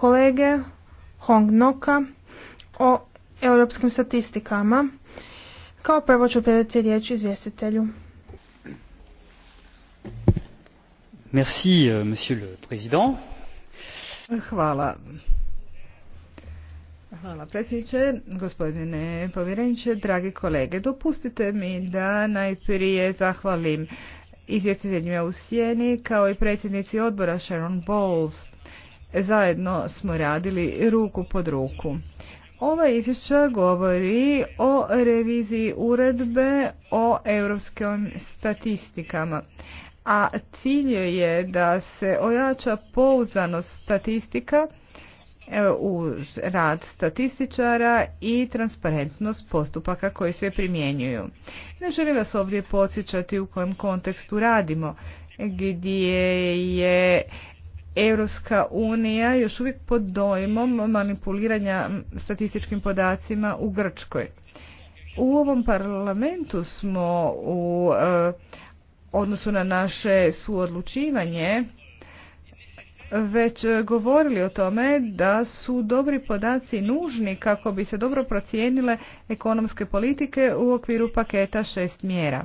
kolege Hong Noka o europskim statistikama. Kao prvo ću predati riječ izvjestitelju. Euh, Hvala. Hvala predsjedniče, gospodine povjereniče, dragi kolege. Dopustite mi da najprije zahvalim izvjestiteljima u sjeni kao i predsjednici odbora Sharon Bowles Zajedno smo radili ruku pod ruku. Ova izvješća govori o reviziji uredbe o europskim statistikama, a cilj je da se ojača pouzdanost statistika e, u rad statističara i transparentnost postupaka koji se primjenjuju. Ne želim vas ovdje podsjećati u kojem kontekstu radimo, gdje je Europska unija još uvijek pod dojmom manipuliranja statističkim podacima u Grčkoj. U ovom parlamentu smo u eh, odnosu na naše suodlučivanje već govorili o tome da su dobri podaci nužni kako bi se dobro procijenile ekonomske politike u okviru paketa šest mjera.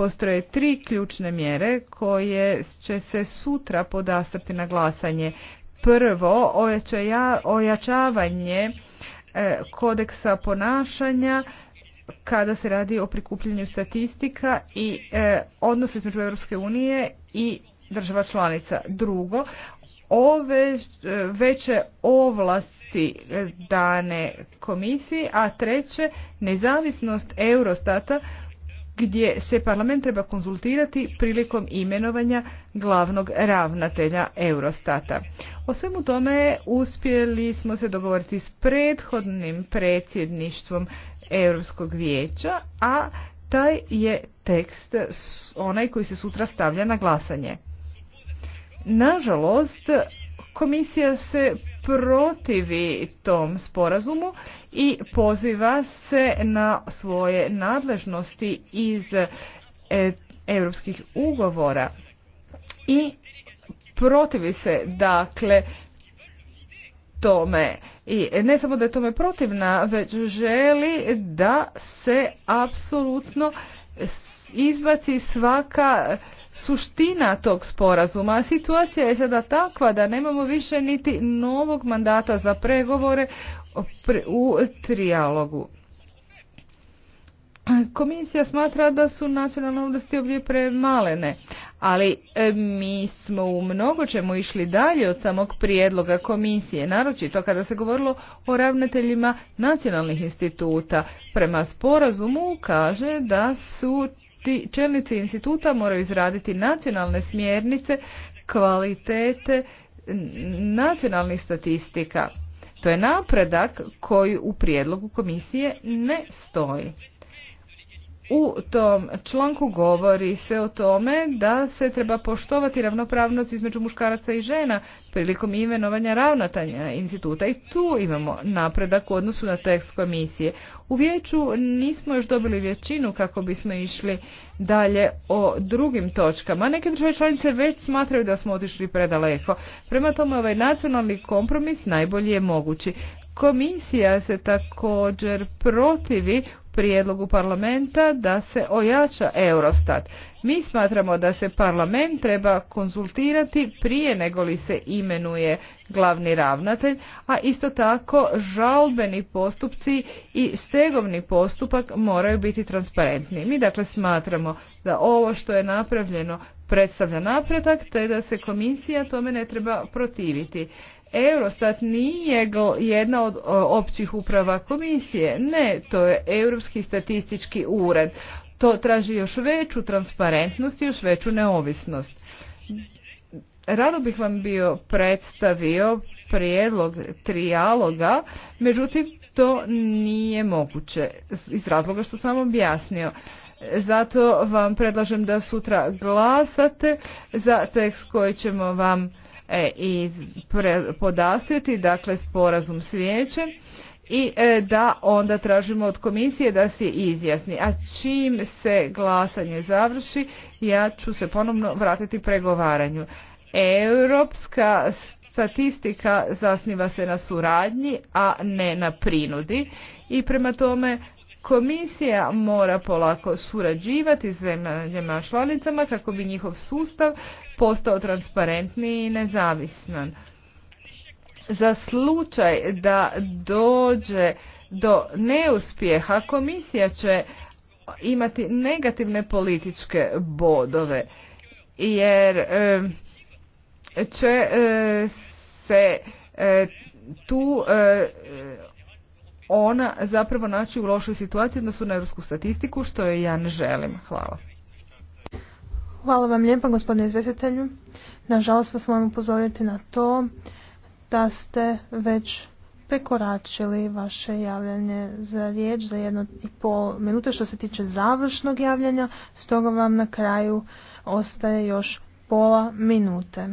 Postoje tri ključne mjere koje će se sutra podastati na glasanje. Prvo, ojačavanje e, kodeksa ponašanja kada se radi o prikupljanju statistika i e, odnose između Europske unije i država članica. Drugo, ove e, veće ovlasti dane komisiji, a treće, nezavisnost Eurostata gdje se parlament treba konzultirati prilikom imenovanja glavnog ravnatelja Eurostata. O svemu tome uspjeli smo se dogovoriti s prethodnim predsjedništvom Europskog vijeća, a taj je tekst onaj koji se sutra stavlja na glasanje. Nažalost, Komisija se protivi tom sporazumu i poziva se na svoje nadležnosti iz e, europskih ugovora i protivi se dakle tome i ne samo da je tome protivna već želi da se apsolutno izbaci svaka suština tog sporazuma. A situacija je sada takva da nemamo više niti novog mandata za pregovore u trijalogu. Komisija smatra da su nacionalne ovlasti ovdje premalene, ali e, mi smo u mnogo čemu išli dalje od samog prijedloga komisije, naročito kada se govorilo o ravnateljima nacionalnih instituta. Prema sporazumu kaže da su ti čelnici instituta moraju izraditi nacionalne smjernice kvalitete nacionalnih statistika. To je napredak koji u prijedlogu komisije ne stoji. U tom članku govori se o tome da se treba poštovati ravnopravnost između muškaraca i žena prilikom imenovanja ravnatanja instituta i tu imamo napredak u odnosu na tekst komisije. U vijeću nismo još dobili većinu kako bismo išli dalje o drugim točkama. Neke države članice već smatraju da smo otišli predaleko. Prema tome ovaj nacionalni kompromis najbolji je mogući. Komisija se također protivi prijedlogu parlamenta da se ojača Eurostat. Mi smatramo da se parlament treba konzultirati prije nego li se imenuje glavni ravnatelj, a isto tako žalbeni postupci i stegovni postupak moraju biti transparentni. Mi dakle smatramo da ovo što je napravljeno predstavlja napredak te da se komisija tome ne treba protiviti. Eurostat nije jedna od općih uprava komisije, ne, to je Europski statistički ured. To traži još veću transparentnost i još veću neovisnost. Rado bih vam bio predstavio prijedlog trijaloga, međutim to nije moguće iz razloga što sam objasnio. Zato vam predlažem da sutra glasate za tekst koji ćemo vam E, i podastriti, dakle sporazum s vijećem i e, da onda tražimo od komisije da se izjasni. A čim se glasanje završi, ja ću se ponovno vratiti pregovaranju. Europska statistika zasniva se na suradnji, a ne na prinudi i prema tome Komisija mora polako surađivati s zemljama članicama kako bi njihov sustav postao transparentniji i nezavisnan. Za slučaj da dođe do neuspjeha komisija će imati negativne političke bodove jer će e, se e, tu e, ona zapravo naći u lošoj situaciji odnosu na europsku statistiku, što je ja ne želim. Hvala. Hvala vam lijepa gospodine izvjestitelju. Nažalost vas moram upozoriti na to da ste već prekoračili vaše javljanje za riječ za jedno i pol minute što se tiče završnog javljanja, stoga vam na kraju ostaje još pola minute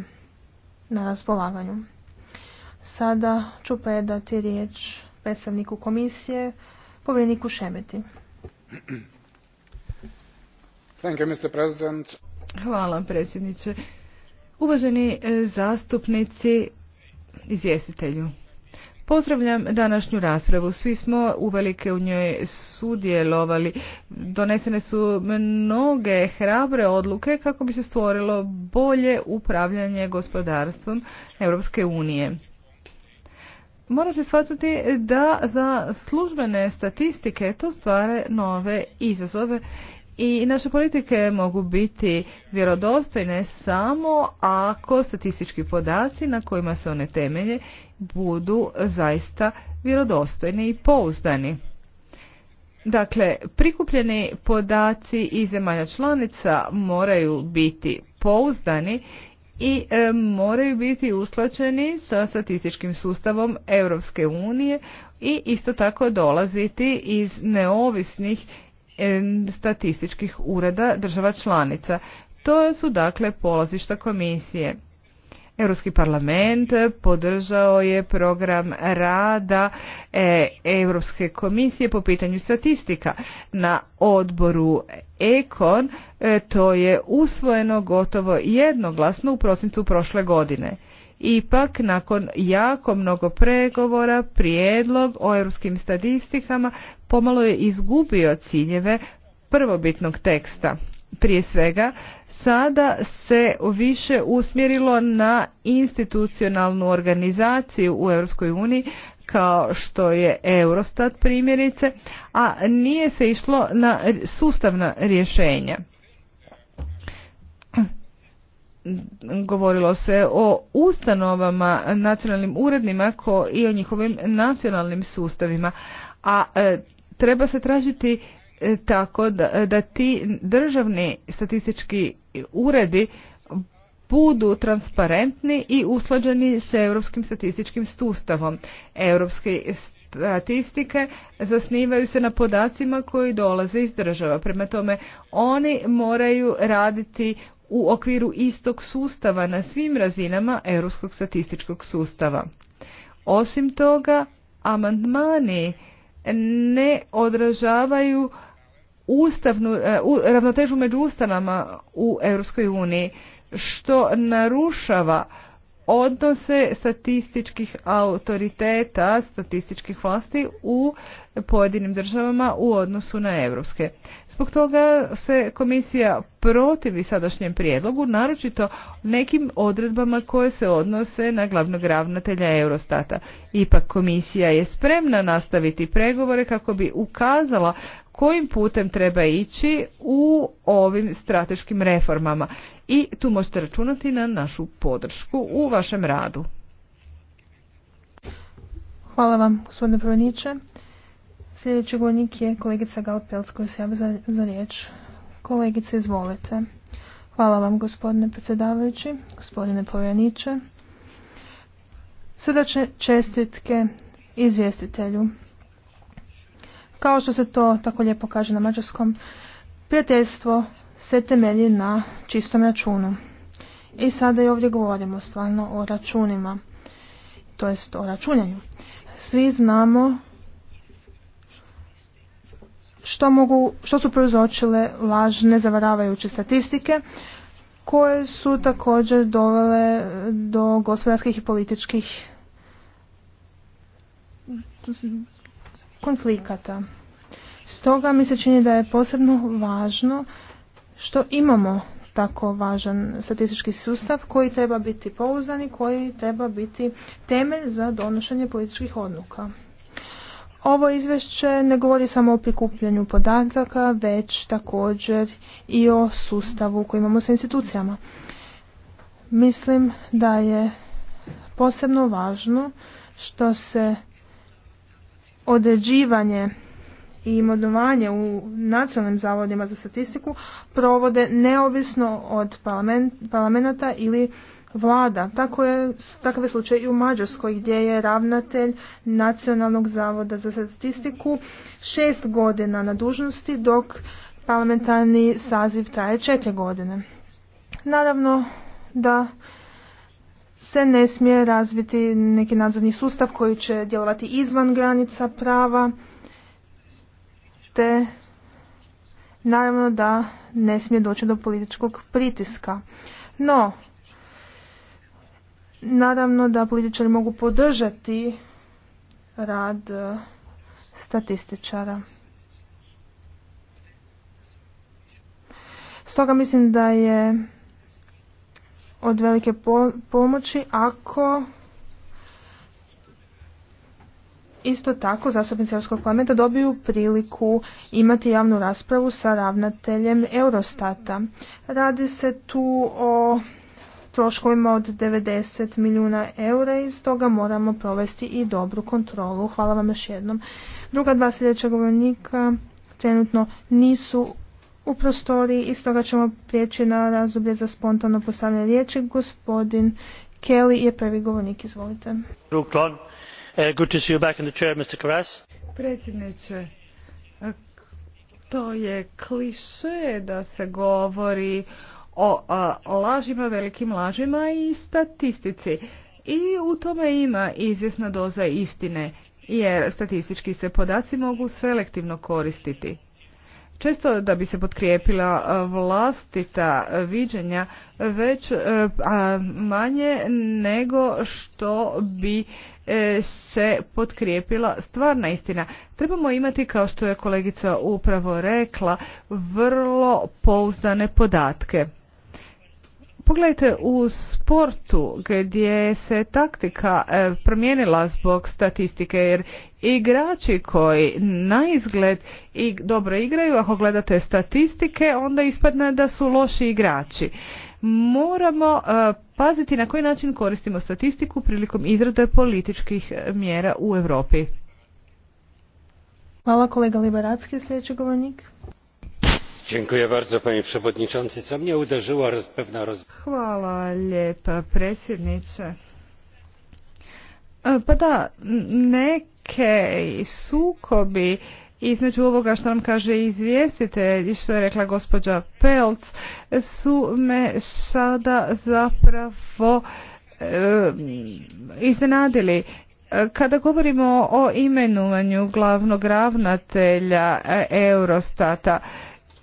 na raspolaganju. Sada ću predati riječ predstavniku komisije, povjereniku Šemeti. Thank Hvala predsjedniče. Uvaženi e, zastupnici, izvjestitelju. Pozdravljam današnju raspravu. Svi smo uvelike u njoj sudjelovali. Donesene su mnoge hrabre odluke kako bi se stvorilo bolje upravljanje gospodarstvom Europske unije se shvatiti da za službene statistike to stvare nove izazove i naše politike mogu biti vjerodostojne samo ako statistički podaci na kojima se one temelje budu zaista vjerodostojni i pouzdani. Dakle, prikupljeni podaci iz zemalja članica moraju biti pouzdani i e, moraju biti usklađeni sa statističkim sustavom Europske unije i isto tako dolaziti iz neovisnih e, statističkih ureda država članica. To su dakle polazišta komisije. Europski parlament podržao je program rada e, Europske komisije po pitanju statistika. Na odboru Ekon e, to je usvojeno gotovo jednoglasno u prosincu prošle godine. Ipak, nakon jako mnogo pregovora, prijedlog o europskim statistikama pomalo je izgubio ciljeve prvobitnog teksta prije svega sada se više usmjerilo na institucionalnu organizaciju u Europskoj uniji kao što je Eurostat primjerice, a nije se išlo na sustavna rješenja. Govorilo se o ustanovama, nacionalnim urednima i o njihovim nacionalnim sustavima, a e, treba se tražiti E, tako da, ti državni statistički uredi budu transparentni i usklađeni s europskim statističkim sustavom. Europske statistike zasnivaju se na podacima koji dolaze iz država. Prema tome, oni moraju raditi u okviru istog sustava na svim razinama europskog statističkog sustava. Osim toga, amandmani ne odražavaju ustavnu, e, ravnotežu među ustanama u Europskoj uniji, što narušava odnose statističkih autoriteta, statističkih vlasti u pojedinim državama u odnosu na europske. Zbog toga se komisija protivi sadašnjem prijedlogu, naročito nekim odredbama koje se odnose na glavnog ravnatelja Eurostata. Ipak komisija je spremna nastaviti pregovore kako bi ukazala kojim putem treba ići u ovim strateškim reformama i tu možete računati na našu podršku u vašem radu. Hvala vam, gospodine Prveniče. Sljedeći govornik je kolegica Galpelc koja se javi za, riječ. Kolegice, izvolite. Hvala vam, gospodine predsjedavajući, gospodine Povjereniče. Srdačne čestitke izvjestitelju. Kao što se to tako lijepo kaže na mađarskom, prijateljstvo se temelji na čistom računu. I sada i ovdje govorimo stvarno o računima, to jest o računjanju. Svi znamo što, mogu, što su prouzročile lažne zavaravajuće statistike koje su također dovele do gospodarskih i političkih konflikata. Stoga mi se čini da je posebno važno što imamo tako važan statistički sustav koji treba biti pouzdan i koji treba biti temelj za donošenje političkih odluka. Ovo izvješće ne govori samo o prikupljanju podataka, već također i o sustavu koji imamo sa institucijama. Mislim da je posebno važno što se određivanje i modovanje u nacionalnim zavodima za statistiku provode neovisno od parlamenta ili vlada. Tako je, takav je slučaj i u Mađarskoj gdje je ravnatelj Nacionalnog zavoda za statistiku šest godina na dužnosti dok parlamentarni saziv traje četiri godine. Naravno da se ne smije razviti neki nadzorni sustav koji će djelovati izvan granica prava, te naravno da ne smije doći do političkog pritiska. No, naravno da političari mogu podržati rad e, statističara. Stoga mislim da je od velike pomoći ako isto tako zastupnici Europskog parlamenta dobiju priliku imati javnu raspravu sa ravnateljem Eurostata. Radi se tu o troškovima od 90 milijuna eura i stoga moramo provesti i dobru kontrolu. Hvala vam još jednom. Druga dva sljedeća govornika trenutno nisu u prostoriji i stoga ćemo prijeći na razdoblje za spontano postavljanje riječi. Gospodin Kelly je prvi govornik, izvolite. Predsjedniče, to je kliše da se govori o lažima, velikim lažima i statistici. I u tome ima izvjesna doza istine, jer statistički se podaci mogu selektivno koristiti često da bi se potkrijepila e, vlastita viđenja, već e, manje nego što bi e, se potkrijepila stvarna istina. Trebamo imati, kao što je kolegica upravo rekla, vrlo pouzdane podatke. Pogledajte u sportu gdje se taktika e, promijenila zbog statistike jer igrači koji na izgled i dobro igraju, ako gledate statistike, onda ispadne da su loši igrači. Moramo e, paziti na koji način koristimo statistiku prilikom izrade političkih e, mjera u Europi. Hvala kolega Liberacki, sljedeći govornik. Hvala lijepa predsjedniče. E, pa da, neke sukobi između ovoga što nam kaže izvjestitelj i što je rekla gospođa Pelc su me sada zapravo e, iznenadili. E, kada govorimo o imenovanju glavnog ravnatelja Eurostata,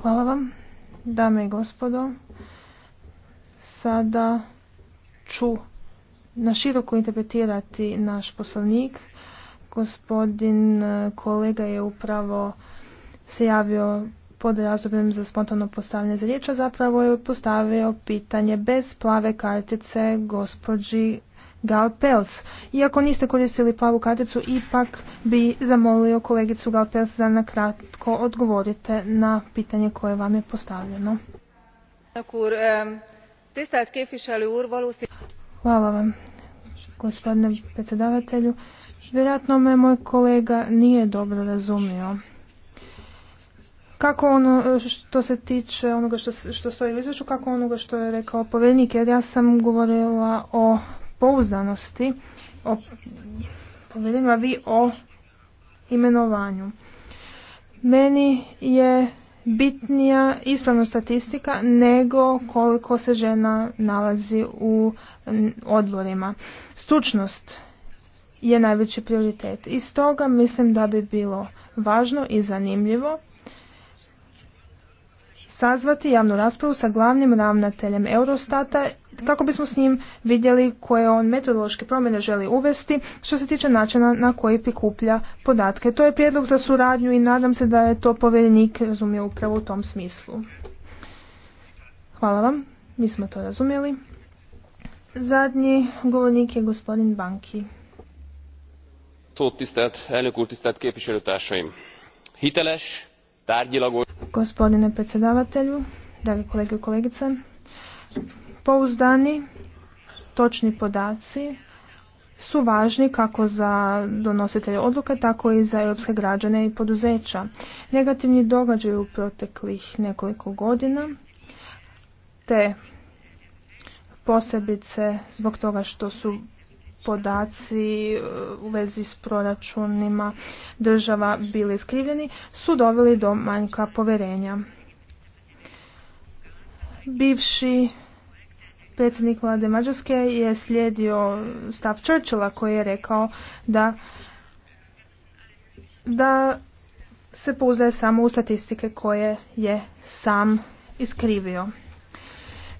Hvala vam, dame i gospodo. Sada ću na široko interpretirati naš poslovnik. Gospodin e, kolega je upravo se javio pod razdobljem za spontano postavljanje za riječ, a zapravo je postavio pitanje bez plave kartice gospođi Pels. Iako niste koristili plavu karticu, ipak bi zamolio kolegicu Galpels da na kratko odgovorite na pitanje koje vam je postavljeno. Hvala vam, gospodine predsjedavatelju. Vjerojatno me moj kolega nije dobro razumio. Kako ono e, što se tiče onoga što, stoji u izvješću, kako onoga što je rekao povjerenik, jer ja sam govorila o pouzdanosti o vi o imenovanju. Meni je bitnija ispravna statistika nego koliko se žena nalazi u odborima. Stručnost je najveći prioritet i toga mislim da bi bilo važno i zanimljivo sazvati javnu raspravu sa glavnim ravnateljem Eurostata kako bismo s njim vidjeli koje on metodološke promjene želi uvesti što se tiče načina na koji prikuplja podatke. To je prijedlog za suradnju i nadam se da je to povjerenik razumio upravo u tom smislu. Hvala vam, mi smo to razumjeli. Zadnji govornik je gospodin Banki. Hiteles, Gospodine predsjedavatelju, dragi kolege i kolegice, Pouzdani, točni podaci su važni kako za donositelje odluka, tako i za europske građane i poduzeća. Negativni događaj u proteklih nekoliko godina, te posebice zbog toga što su podaci uh, u vezi s proračunima država bili iskrivljeni, su doveli do manjka poverenja. Bivši Predsjednik vlade Mađarske je slijedio stav Churchilla koji je rekao da da se pouzdaje samo u statistike koje je sam iskrivio.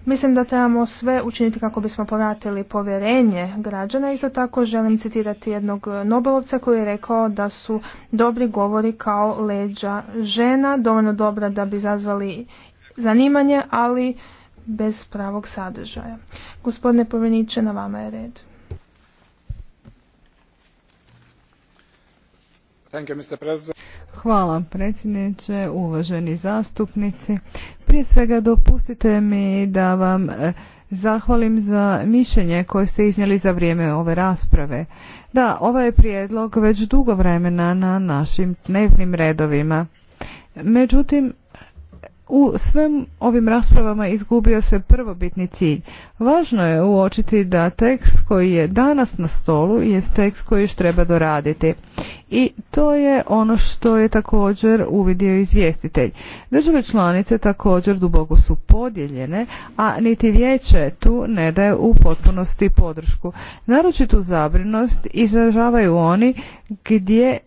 Mislim da trebamo sve učiniti kako bismo povratili povjerenje građana. Isto tako želim citirati jednog Nobelovca koji je rekao da su dobri govori kao leđa žena, dovoljno dobra da bi zazvali zanimanje, ali bez pravog sadržaja. Gospodine Poveniće, na vama je red. Hvala predsjedniče, uvaženi zastupnici. Prije svega dopustite mi da vam eh, zahvalim za mišljenje koje ste iznijeli za vrijeme ove rasprave. Da, ovaj je prijedlog već dugo vremena na našim dnevnim redovima. Međutim, u svim ovim raspravama izgubio se prvobitni cilj. Važno je uočiti da tekst koji je danas na stolu je tekst koji još treba doraditi. I to je ono što je također uvidio izvjestitelj. Države članice također duboko su podijeljene, a niti vijeće tu ne daje u potpunosti podršku. Naročitu zabrinost izražavaju oni gdje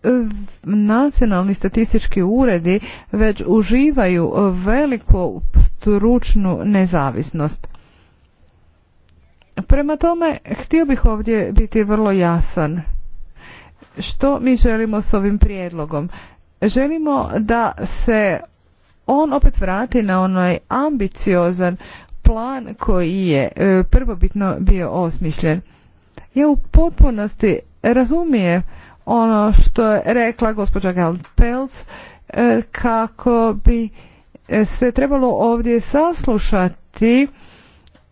nacionalni statistički uredi već uživaju veliku stručnu nezavisnost. Prema tome, htio bih ovdje biti vrlo jasan. Što mi želimo s ovim prijedlogom? Želimo da se on opet vrati na onaj ambiciozan plan koji je e, prvobitno bio osmišljen. Ja u potpunosti razumijem ono što je rekla gospođa Pelc e, kako bi se trebalo ovdje saslušati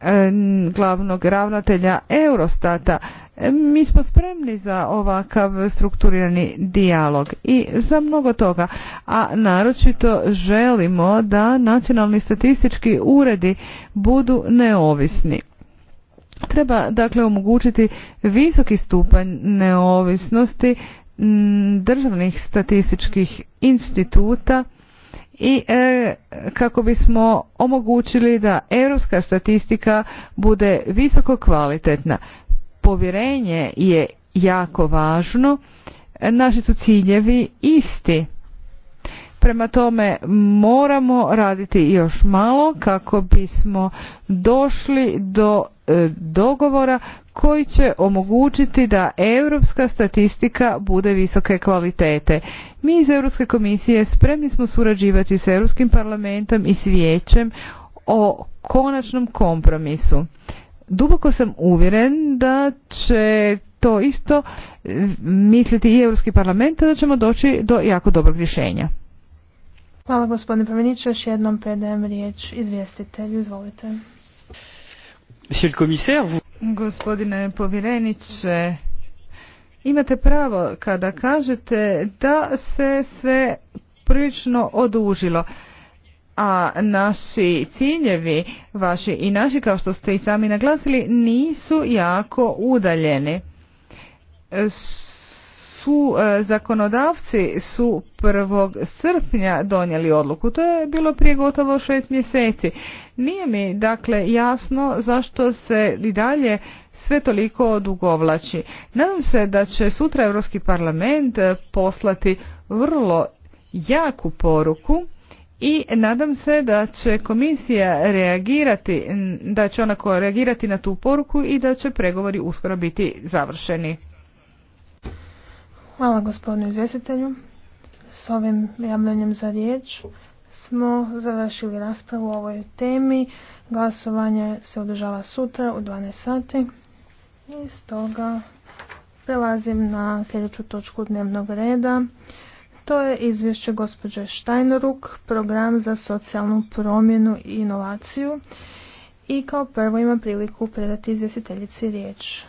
e, glavnog ravnatelja Eurostata. E, mi smo spremni za ovakav strukturirani dijalog i za mnogo toga, a naročito želimo da nacionalni statistički uredi budu neovisni. Treba dakle omogućiti visoki stupanj neovisnosti državnih statističkih instituta i e, kako bismo omogućili da europska statistika bude visoko kvalitetna. Povjerenje je jako važno, naši su ciljevi isti. Prema tome moramo raditi još malo kako bismo došli do E, dogovora koji će omogućiti da europska statistika bude visoke kvalitete. Mi iz Europske komisije spremni smo surađivati s Europskim parlamentom i s vijećem o konačnom kompromisu. Duboko sam uvjeren da će to isto e, misliti i Europski parlament, da ćemo doći do jako dobrog rješenja. Hvala gospodine Prameniću, još jednom predajem riječ izvjestitelju, izvolite. Monsieur Gospodine povjereniče, imate pravo kada kažete da se sve prilično odužilo a naši ciljevi, vaši i naši, kao što ste i sami naglasili, nisu jako udaljeni su e, zakonodavci su 1. srpnja donijeli odluku. To je bilo prije gotovo šest mjeseci. Nije mi dakle jasno zašto se i dalje sve toliko odugovlači. Nadam se da će sutra Europski parlament e, poslati vrlo jaku poruku i nadam se da će komisija reagirati, da će ona reagirati na tu poruku i da će pregovori uskoro biti završeni. Hvala gospodinu izvjestitelju. S ovim javljanjem za riječ smo završili raspravu o ovoj temi. Glasovanje se održava sutra u 12 sati. I stoga prelazim na sljedeću točku dnevnog reda. To je izvješće gospođe Štajnoruk, program za socijalnu promjenu i inovaciju. I kao prvo ima priliku predati izvjestiteljici riječ.